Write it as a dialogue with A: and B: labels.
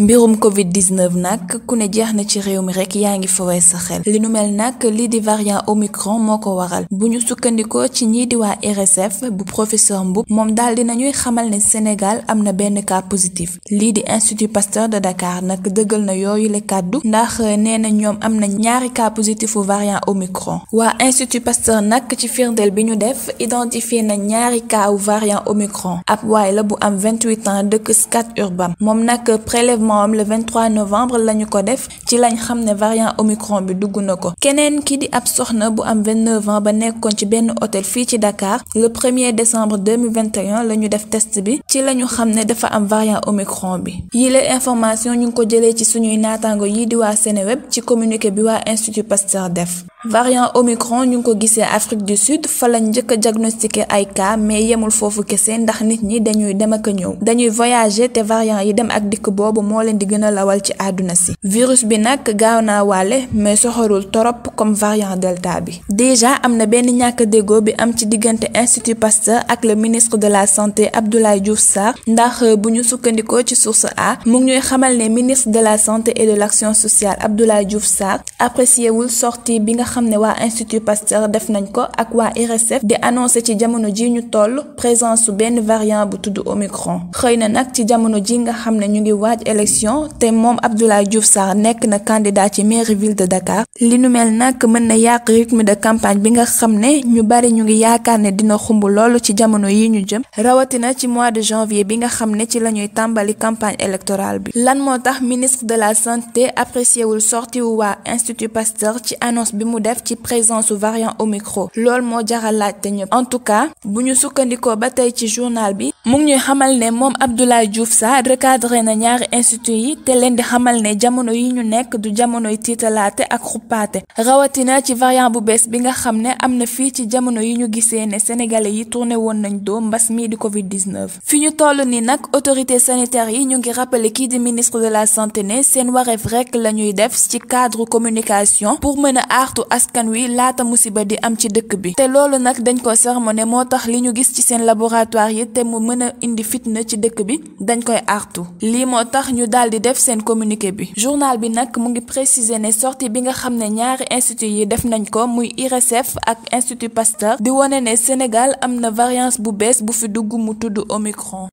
A: mbirum covid 19 nag ku ne jeex na ci réew mi rek yaa ngi fawee sa xel li nu mel nag lii di variant omicron moo ko waral bu ñu sukkandikoo ci ñii di waa RSF bu professeur Mboup moom daal dina ñuy xamal ne Sénégal am na benn cas positif lii di institut Pasteur de Dakar nag dëggal na yooyu le kàddu ndax nee na ñoom am na ñaari cas positifu variant omicron waa institut Pasteur nag ci firndeel bi ñu def identifié na ñaari cas variant omicron ab waay la bu am 28 ans dëkk Scat Urbam moom enregistrement am le 23 novembre lañu ko def ci lañ xam ne variant bi dugg na ko keneen ki di ab soxna bu am 29 ans ba nekkoon ci benn hôtel fii ci Dakar le 1er décembre 2021 la ñu def test bi ci lañu xam ne dafa am variant omicron bi yile information ñu ngi ko jëlee ci suñuy naataango yii di waa Seneweb ci communiqué bi waa Institut Pasteur def variant omicron ñu ngi ko gisee Afrique du Sud fa lañ njëkk a diagnostiqué ay cas mais yemul foofu kese ndax nit ñi dañuy dem ak ñëw dañuy voyager te variant yi dem ak dikk boobu moo moo leen di gën a lawal ci àdduna si virus bi nag gaaw naa waale mais soxorul torop comme variant delta bi déjà am na benn ñàkk déggoo bi am ci diggante institut Pasteur ak le ministre de la santé Abdoulaye Diouf Sarr ndax euh, bu ñu sukkandikoo ci source a mu ngi ñuy xamal ne ministre de la santé et de l'action sociale Abdoulaye Diouf Sarr apprécié wul sortie bi nga xam ne waa institut Pasteur def nañ ko ak waa RSF e di annoncé ci jamono ji ñu toll présence su benn variant bu tudd Omicron élection te moom Abdoulaye Diouf Sarr nekk na candidat ci mairie ville de Dakar li nu mel nag mën na yàq rythme de campagne bi nga xam ne ñu bari ñu ngi yaakaar ne dina xumb loolu ci jamono yi ñu jëm rawatina ci mois de janvier bi nga xam ne ci la ñuy tàmbali campagne électorale bi. lan moo tax ministre de la santé apprécié wul sorti wu waa institut Pasteur ci annonce bi mu def ci présence su variant Omicron loolu moo jaral laajte ñëpp en tout cas bu ñu sukkandikoo mu ngi ñuy xamal ne moom Abdoulaye Diouf Sarr recadré na ñaari institut yi te leen di xamal ne jamono yi ñu nekk du jamonoy tiitalaate ak xuppaate rawatina ci variant bu bees bi nga xam ne am na fii ci jamono yi ñu gisee ne sénégalais yi tourné woon nañ doo mbas mii di Covid 19. fi ñu toll nii nag autorité sanitaire yi ñu ngi rappelé kii di ministre de la santé ne seen wareef rek la ñuy def ci cadre communication pour mën a aartu askan wi laata musiba di am ci dëkk bi te loolu dañ ko sermoné tax li gis ci seen laboratoire na a indi fitna ci dëkk bi dañ koy artu lii moo tax ñu daal di def seen communiqué bi journal bi nag mu ngi préciser ne sorti bi nga xam ne ñaari institut yi def nañ ko muy IRSF ak institut Pasteur di wone ne Sénégal am na variance bu bees bu fi dugg mu tudd Omicron